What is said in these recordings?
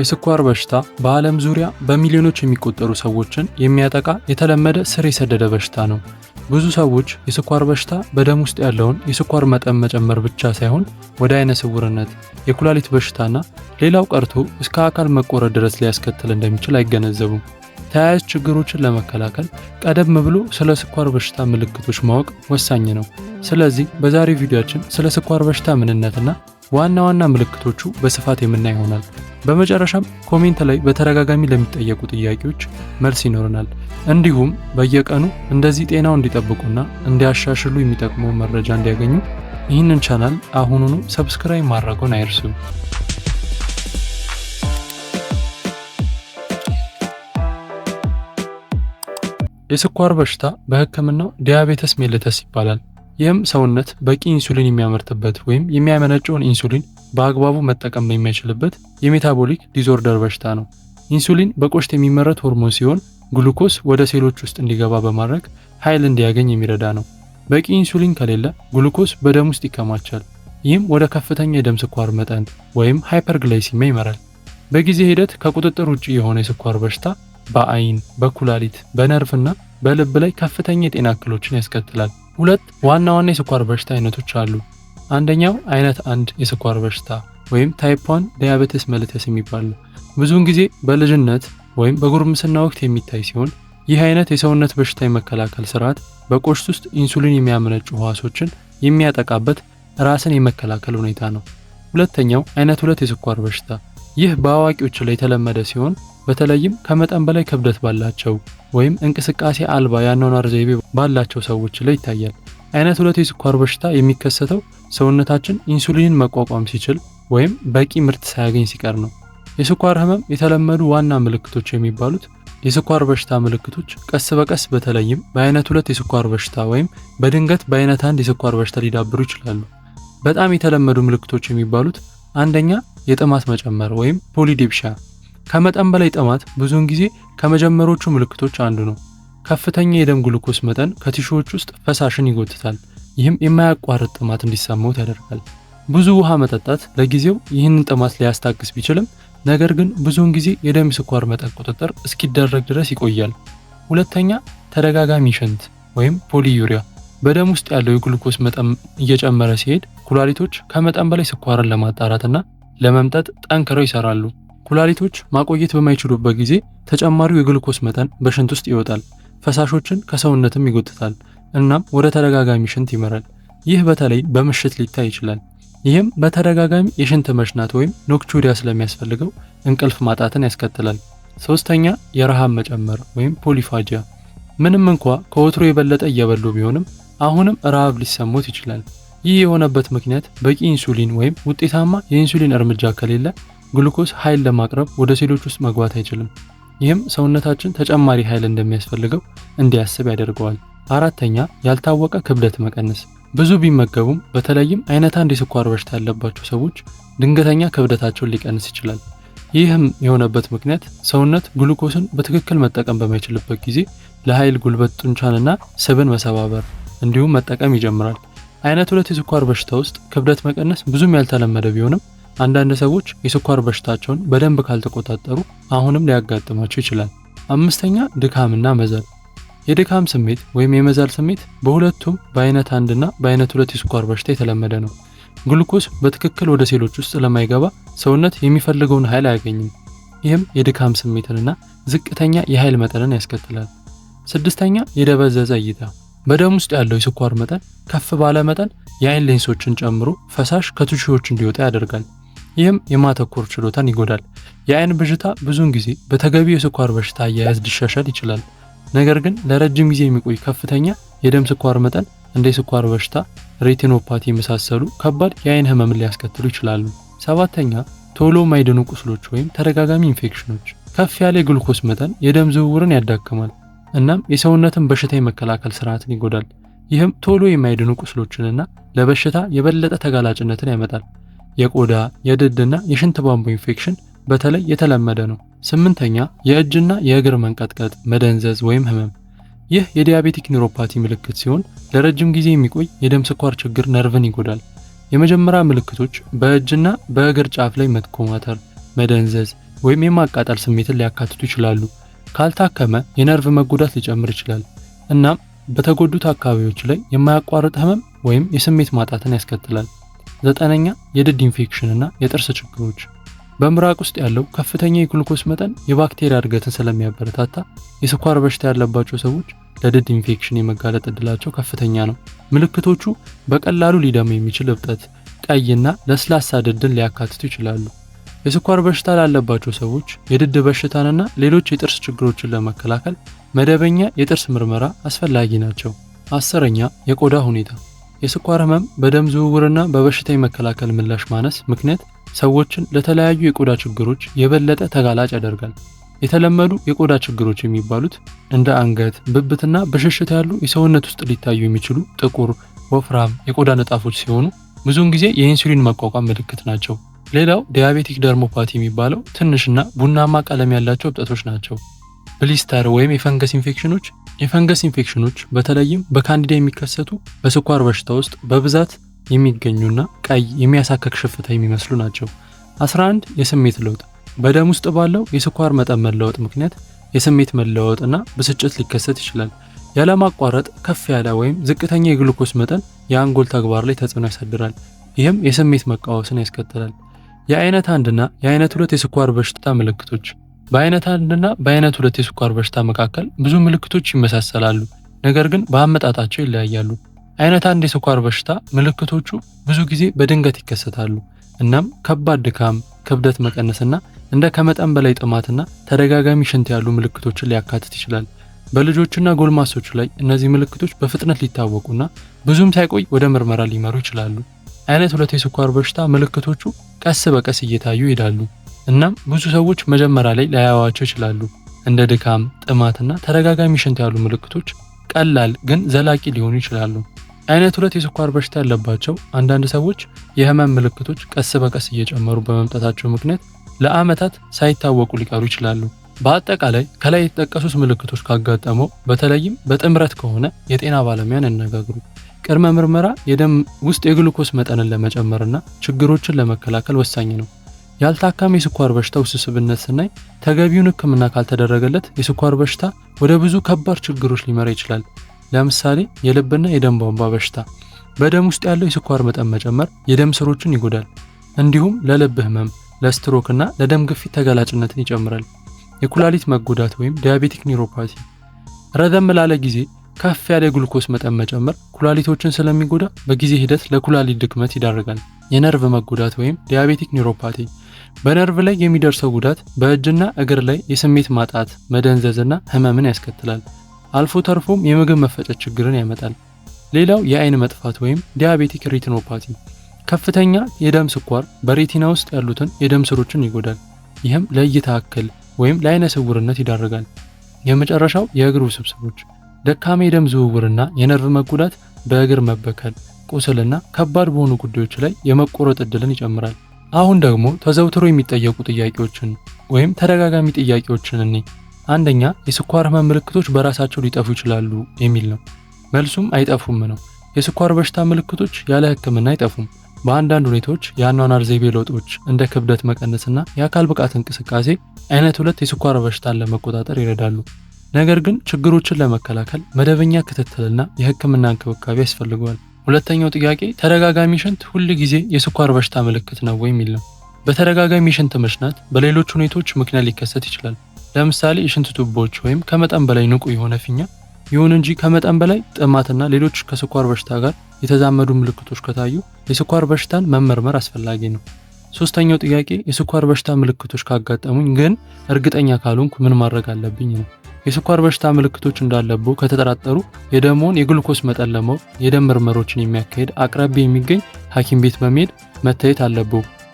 የስኳር በሽታ በዓለም ዙሪያ በሚሊዮኖች የሚቆጠሩ ሰዎችን የሚያጠቃ የተለመደ ስር የሰደደ በሽታ ነው። ብዙ ሰዎች የስኳር በሽታ በደም ውስጥ ያለውን የስኳር መጠን መጨመር ብቻ ሳይሆን ወደ አይነ ስውርነት፣ የኩላሊት በሽታና ሌላው ቀርቶ እስከ አካል መቆረጥ ድረስ ሊያስከትል እንደሚችል አይገነዘቡም። ተያያዥ ችግሮችን ለመከላከል ቀደም ብሎ ስለ ስኳር በሽታ ምልክቶች ማወቅ ወሳኝ ነው። ስለዚህ በዛሬ ቪዲዮአችን ስለ ስኳር በሽታ ምንነትና ዋና ዋና ምልክቶቹ በስፋት የምናይ ይሆናል። በመጨረሻም ኮሜንት ላይ በተደጋጋሚ ለሚጠየቁ ጥያቄዎች መልስ ይኖረናል። እንዲሁም በየቀኑ እንደዚህ ጤናው እንዲጠብቁና እንዲያሻሽሉ የሚጠቅመው መረጃ እንዲያገኙ ይህንን ቻናል አሁኑኑ ሰብስክራይብ ማድረጉን አይርሱም። የስኳር በሽታ በሕክምናው ዲያቤተስ ሜልተስ ይባላል። ይህም ሰውነት በቂ ኢንሱሊን የሚያመርትበት ወይም የሚያመነጨውን ኢንሱሊን በአግባቡ መጠቀም የሚያችልበት የሜታቦሊክ ዲዞርደር በሽታ ነው። ኢንሱሊን በቆሽት የሚመረት ሆርሞን ሲሆን ግሉኮስ ወደ ሴሎች ውስጥ እንዲገባ በማድረግ ኃይል እንዲያገኝ የሚረዳ ነው። በቂ ኢንሱሊን ከሌለ ግሉኮስ በደም ውስጥ ይከማቻል። ይህም ወደ ከፍተኛ የደም ስኳር መጠን ወይም ሃይፐርግላይሲሚያ ይመራል። በጊዜ ሂደት ከቁጥጥር ውጭ የሆነ የስኳር በሽታ በአይን፣ በኩላሊት፣ በነርቭና በልብ ላይ ከፍተኛ የጤና እክሎችን ያስከትላል። ሁለት ዋና ዋና የስኳር በሽታ አይነቶች አሉ። አንደኛው አይነት አንድ የስኳር በሽታ ወይም ታይፕ 1 ዲያቤትስ መልተስ የሚባል ብዙውን ጊዜ በልጅነት ወይም በጉርምስና ወቅት የሚታይ ሲሆን ይህ አይነት የሰውነት በሽታ የመከላከል ስርዓት በቆሽት ውስጥ ኢንሱሊን የሚያመነጩ ህዋሶችን የሚያጠቃበት ራስን የመከላከል ሁኔታ ነው። ሁለተኛው አይነት ሁለት የስኳር በሽታ ይህ በአዋቂዎች ላይ የተለመደ ሲሆን በተለይም ከመጠን በላይ ክብደት ባላቸው ወይም እንቅስቃሴ አልባ የአኗኗር ዘይቤ ባላቸው ሰዎች ላይ ይታያል። አይነት ሁለት የስኳር በሽታ የሚከሰተው ሰውነታችን ኢንሱሊንን መቋቋም ሲችል ወይም በቂ ምርት ሳያገኝ ሲቀር ነው። የስኳር ህመም የተለመዱ ዋና ምልክቶች የሚባሉት የስኳር በሽታ ምልክቶች ቀስ በቀስ በተለይም በአይነት ሁለት የስኳር በሽታ ወይም በድንገት በአይነት አንድ የስኳር በሽታ ሊዳብሩ ይችላሉ። በጣም የተለመዱ ምልክቶች የሚባሉት አንደኛ የጥማት መጨመር ወይም ፖሊዲፕሻ ከመጠን በላይ ጥማት ብዙውን ጊዜ ከመጀመሮቹ ምልክቶች አንዱ ነው። ከፍተኛ የደም ግሉኮስ መጠን ከቲሾዎች ውስጥ ፈሳሽን ይጎትታል። ይህም የማያቋርጥ ጥማት እንዲሰማዎት ያደርጋል። ብዙ ውሃ መጠጣት ለጊዜው ይህንን ጥማት ሊያስታግስ ቢችልም ነገር ግን ብዙውን ጊዜ የደም ስኳር መጠን ቁጥጥር እስኪደረግ ድረስ ይቆያል። ሁለተኛ ተደጋጋሚ ሽንት ወይም ፖሊዩሪያ። በደም ውስጥ ያለው የግሉኮስ መጠን እየጨመረ ሲሄድ ኩላሊቶች ከመጠን በላይ ስኳርን ለማጣራትና ለመምጠጥ ጠንክረው ይሰራሉ። ኩላሊቶች ማቆየት በማይችሉበት ጊዜ ተጨማሪው የግልኮስ መጠን በሽንት ውስጥ ይወጣል፣ ፈሳሾችን ከሰውነትም ይጎትታል፣ እናም ወደ ተደጋጋሚ ሽንት ይመራል። ይህ በተለይ በምሽት ሊታይ ይችላል። ይህም በተደጋጋሚ የሽንት መሽናት ወይም ኖክቹሪያ ስለሚያስፈልገው እንቅልፍ ማጣትን ያስከትላል። ሶስተኛ የረሃብ መጨመር ወይም ፖሊፋጂያ። ምንም እንኳ ከወትሮ የበለጠ እየበሉ ቢሆንም አሁንም ረሃብ ሊሰሙት ይችላል። ይህ የሆነበት ምክንያት በቂ ኢንሱሊን ወይም ውጤታማ የኢንሱሊን እርምጃ ከሌለ ግሉኮስ ኃይል ለማቅረብ ወደ ሴሎች ውስጥ መግባት አይችልም። ይህም ሰውነታችን ተጨማሪ ኃይል እንደሚያስፈልገው እንዲያስብ ያደርገዋል። አራተኛ ያልታወቀ ክብደት መቀነስ። ብዙ ቢመገቡም በተለይም አይነት አንድ የስኳር በሽታ ያለባቸው ሰዎች ድንገተኛ ክብደታቸውን ሊቀንስ ይችላል። ይህም የሆነበት ምክንያት ሰውነት ግሉኮስን በትክክል መጠቀም በማይችልበት ጊዜ ለኃይል ጉልበት ጡንቻንና ስብን መሰባበር እንዲሁም መጠቀም ይጀምራል። አይነት ሁለት የስኳር በሽታ ውስጥ ክብደት መቀነስ ብዙም ያልተለመደ ቢሆንም አንዳንድ ሰዎች የስኳር በሽታቸውን በደንብ ካልተቆጣጠሩ አሁንም ሊያጋጥማቸው ይችላል። አምስተኛ ድካምና መዛል። የድካም ስሜት ወይም የመዛል ስሜት በሁለቱም በአይነት አንድና በአይነት ሁለት የስኳር በሽታ የተለመደ ነው። ግሉኮስ በትክክል ወደ ሴሎች ውስጥ ለማይገባ ሰውነት የሚፈልገውን ኃይል አያገኝም። ይህም የድካም ስሜትንና ዝቅተኛ የኃይል መጠንን ያስከትላል። ስድስተኛ የደበዘዘ እይታ። በደም ውስጥ ያለው የስኳር መጠን ከፍ ባለ መጠን የአይን ሌንሶችን ጨምሮ ፈሳሽ ከቱሺዎች እንዲወጣ ያደርጋል። ይህም የማተኮር ችሎታን ይጎዳል። የአይን ብዥታ ብዙውን ጊዜ በተገቢው የስኳር በሽታ አያያዝ ሊሻሻል ይችላል። ነገር ግን ለረጅም ጊዜ የሚቆይ ከፍተኛ የደም ስኳር መጠን እንደ የስኳር በሽታ፣ ሬቲኖፓቲ የመሳሰሉ ከባድ የአይን ህመምን ሊያስከትሉ ይችላሉ። ሰባተኛ ቶሎ ማይድኑ ቁስሎች ወይም ተደጋጋሚ ኢንፌክሽኖች። ከፍ ያለ የግሉኮስ መጠን የደም ዝውውርን ያዳክማል እናም የሰውነትን በሽታ የመከላከል ስርዓትን ይጎዳል። ይህም ቶሎ የማይድኑ ቁስሎችንና ለበሽታ የበለጠ ተጋላጭነትን ያመጣል። የቆዳ የድድና የሽንት ቧንቧ ኢንፌክሽን በተለይ የተለመደ ነው። ስምንተኛ የእጅና የእግር መንቀጥቀጥ፣ መደንዘዝ ወይም ህመም። ይህ የዲያቤቲክ ኒውሮፓቲ ምልክት ሲሆን ለረጅም ጊዜ የሚቆይ የደም ስኳር ችግር ነርቭን ይጎዳል። የመጀመሪያ ምልክቶች በእጅና በእግር ጫፍ ላይ መትኮማተር መደንዘዝ ወይም የማቃጠል ስሜትን ሊያካትቱ ይችላሉ። ካልታከመ የነርቭ መጎዳት ሊጨምር ይችላል። እናም በተጎዱት አካባቢዎች ላይ የማያቋርጥ ህመም ወይም የስሜት ማጣትን ያስከትላል። ዘጠነኛ የድድ ኢንፌክሽን እና የጥርስ ችግሮች። በምራቅ ውስጥ ያለው ከፍተኛ የግሉኮስ መጠን የባክቴሪያ እድገትን ስለሚያበረታታ የስኳር በሽታ ያለባቸው ሰዎች ለድድ ኢንፌክሽን የመጋለጥ እድላቸው ከፍተኛ ነው። ምልክቶቹ በቀላሉ ሊደማ የሚችል እብጠት፣ ቀይና ለስላሳ ድድን ሊያካትቱ ይችላሉ። የስኳር በሽታ ላለባቸው ሰዎች የድድ በሽታንና ሌሎች የጥርስ ችግሮችን ለመከላከል መደበኛ የጥርስ ምርመራ አስፈላጊ ናቸው። አስረኛ የቆዳ ሁኔታ የስኳር ህመም በደም ዝውውርና በበሽታ የመከላከል ምላሽ ማነስ ምክንያት ሰዎችን ለተለያዩ የቆዳ ችግሮች የበለጠ ተጋላጭ ያደርጋል። የተለመዱ የቆዳ ችግሮች የሚባሉት እንደ አንገት፣ ብብትና ብሽሽት ያሉ የሰውነት ውስጥ ሊታዩ የሚችሉ ጥቁር፣ ወፍራም የቆዳ ንጣፎች ሲሆኑ ብዙውን ጊዜ የኢንሱሊን መቋቋም ምልክት ናቸው። ሌላው ዲያቤቲክ ደርሞፓቲ የሚባለው ትንሽና ቡናማ ቀለም ያላቸው እብጠቶች ናቸው። ብሊስተር ወይም የፈንገስ ኢንፌክሽኖች የፈንገስ ኢንፌክሽኖች በተለይም በካንዲዳ የሚከሰቱ በስኳር በሽታ ውስጥ በብዛት የሚገኙና ቀይ የሚያሳከክ ሽፍታ የሚመስሉ ናቸው። 11 የስሜት ለውጥ በደም ውስጥ ባለው የስኳር መጠን መለወጥ ምክንያት የስሜት እና ብስጭት ሊከሰት ይችላል። ያለማቋረጥ ከፍ ያለ ወይም ዝቅተኛ የግሉኮስ መጠን የአንጎል ተግባር ላይ ተጽዕኖ ያሳድራል። ይህም የስሜት መቃወስን ያስከትላል። የአይነት አንድና የአይነት ሁለት የስኳር በሽታ ምልክቶች በአይነት አንድና በአይነት ሁለት የስኳር በሽታ መካከል ብዙ ምልክቶች ይመሳሰላሉ፣ ነገር ግን በአመጣጣቸው ይለያያሉ። አይነት አንድ የስኳር በሽታ ምልክቶቹ ብዙ ጊዜ በድንገት ይከሰታሉ። እናም ከባድ ድካም፣ ክብደት መቀነስና እንደ ከመጠን በላይ ጥማትና ተደጋጋሚ ሽንት ያሉ ምልክቶችን ሊያካትት ይችላል። በልጆችና ጎልማሶች ላይ እነዚህ ምልክቶች በፍጥነት ሊታወቁና ብዙም ሳይቆይ ወደ ምርመራ ሊመሩ ይችላሉ። አይነት ሁለት የስኳር በሽታ ምልክቶቹ ቀስ በቀስ እየታዩ ይሄዳሉ። እናም ብዙ ሰዎች መጀመሪያ ላይ ላያዋቸው ይችላሉ። እንደ ድካም፣ ጥማትና ተደጋጋሚ ሽንት ያሉ ምልክቶች ቀላል ግን ዘላቂ ሊሆኑ ይችላሉ። አይነት ሁለት የስኳር በሽታ ያለባቸው አንዳንድ ሰዎች የህመም ምልክቶች ቀስ በቀስ እየጨመሩ በመምጣታቸው ምክንያት ለአመታት ሳይታወቁ ሊቀሩ ይችላሉ። በአጠቃላይ ከላይ የተጠቀሱት ምልክቶች ካጋጠመው በተለይም በጥምረት ከሆነ የጤና ባለሙያን ያነጋግሩ። ቅድመ ምርመራ የደም ውስጥ የግሉኮስ መጠንን ለመጨመርና ችግሮችን ለመከላከል ወሳኝ ነው። ያልታከመ የስኳር በሽታ ውስብስብነት ስናይ ተገቢውን ሕክምና ካልተደረገለት የስኳር በሽታ ወደ ብዙ ከባድ ችግሮች ሊመራ ይችላል። ለምሳሌ የልብና የደም ቧንቧ በሽታ፣ በደም ውስጥ ያለው የስኳር መጠን መጨመር የደም ስሮችን ይጎዳል። እንዲሁም ለልብ ህመም፣ ለስትሮክና ለደም ግፊት ተጋላጭነትን ይጨምራል። የኩላሊት መጎዳት ወይም ዲያቤቲክ ኒውሮፓቲ፣ ረዘም ላለ ጊዜ ከፍ ያለ የግሉኮስ መጠን መጨመር ኩላሊቶችን ስለሚጎዳ በጊዜ ሂደት ለኩላሊት ድክመት ይዳርጋል። የነርቭ መጎዳት ወይም ዲያቤቲክ ኒውሮፓቲ በነርቭ ላይ የሚደርሰው ጉዳት በእጅና እግር ላይ የስሜት ማጣት፣ መደንዘዝና ህመምን ያስከትላል። አልፎ ተርፎም የምግብ መፈጨት ችግርን ያመጣል። ሌላው የአይን መጥፋት ወይም ዲያቤቲክ ሬቲኖፓቲ ከፍተኛ የደም ስኳር በሬቲና ውስጥ ያሉትን የደም ስሮችን ይጎዳል። ይህም ለእይታ እክል ወይም ለአይነ ስውርነት ይዳርጋል። የመጨረሻው የእግር ውስብስቦች፣ ደካማ የደም ዝውውርና የነርቭ መጎዳት በእግር መበከል፣ ቁስልና ከባድ በሆኑ ጉዳዮች ላይ የመቆረጥ እድልን ይጨምራል። አሁን ደግሞ ተዘውትሮ የሚጠየቁ ጥያቄዎችን ወይም ተደጋጋሚ ጥያቄዎችን እኔ አንደኛ የስኳር ህመም ምልክቶች በራሳቸው ሊጠፉ ይችላሉ የሚል ነው። መልሱም አይጠፉም ነው። የስኳር በሽታ ምልክቶች ያለ ህክምና አይጠፉም። በአንዳንድ ሁኔታዎች የአኗኗር ዘይቤ ለውጦች እንደ ክብደት መቀነስና የአካል ብቃት እንቅስቃሴ አይነት ሁለት የስኳር በሽታን ለመቆጣጠር ይረዳሉ። ነገር ግን ችግሮችን ለመከላከል መደበኛ ክትትልና የህክምና እንክብካቤ ያስፈልገዋል። ሁለተኛው ጥያቄ ተደጋጋሚ ሽንት ሁል ጊዜ የስኳር በሽታ ምልክት ነው ወይ የሚል ነው። በተደጋጋሚ ሽንት መሽናት በሌሎች ሁኔታዎች ምክንያት ሊከሰት ይችላል። ለምሳሌ የሽንት ቱቦዎች ወይም ከመጠን በላይ ንቁ የሆነ ፊኛ። ይሁን እንጂ ከመጠን በላይ ጥማትና ሌሎች ከስኳር በሽታ ጋር የተዛመዱ ምልክቶች ከታዩ የስኳር በሽታን መመርመር አስፈላጊ ነው። ሶስተኛው ጥያቄ የስኳር በሽታ ምልክቶች ካጋጠሙኝ ግን እርግጠኛ ካልሆንኩ ምን ማድረግ አለብኝ ነው። የስኳር በሽታ ምልክቶች እንዳለቡ ከተጠራጠሩ የደሞን የግሉኮስ መጠን ለማወቅ የደም ምርመሮችን የሚያካሄድ አቅራቢ የሚገኝ ሐኪም ቤት በመሄድ መታየት አለቡ።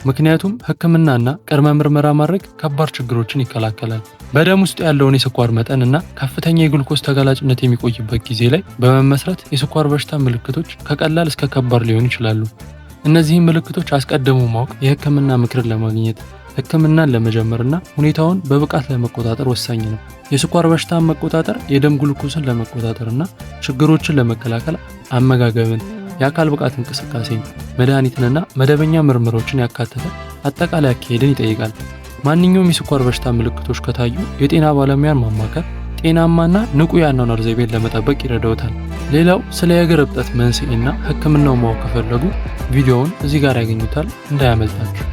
ምክንያቱም ሕክምናና ቅድመ ምርመራ ማድረግ ከባድ ችግሮችን ይከላከላል። በደም ውስጥ ያለውን የስኳር መጠን እና ከፍተኛ የግሉኮስ ተጋላጭነት የሚቆይበት ጊዜ ላይ በመመስረት የስኳር በሽታ ምልክቶች ከቀላል እስከ ከባድ ሊሆኑ ይችላሉ። እነዚህም ምልክቶች አስቀድሞ ማወቅ የሕክምና ምክርን ለማግኘት ህክምናን ለመጀመርና ሁኔታውን በብቃት ለመቆጣጠር ወሳኝ ነው። የስኳር በሽታን መቆጣጠር፣ የደም ግሉኮስን ለመቆጣጠርና ችግሮችን ለመከላከል አመጋገብን፣ የአካል ብቃት እንቅስቃሴን፣ መድኃኒትንና መደበኛ ምርምሮችን ያካተተ አጠቃላይ አካሄድን ይጠይቃል። ማንኛውም የስኳር በሽታ ምልክቶች ከታዩ የጤና ባለሙያን ማማከር ጤናማና ንቁ የአኗኗር ዘይቤን ለመጠበቅ ይረዳውታል። ሌላው ስለ የእግር እብጠት መንስኤና ህክምናው ማወቅ ከፈለጉ ቪዲዮውን እዚህ ጋር ያገኙታል፣ እንዳያመልጣችሁ።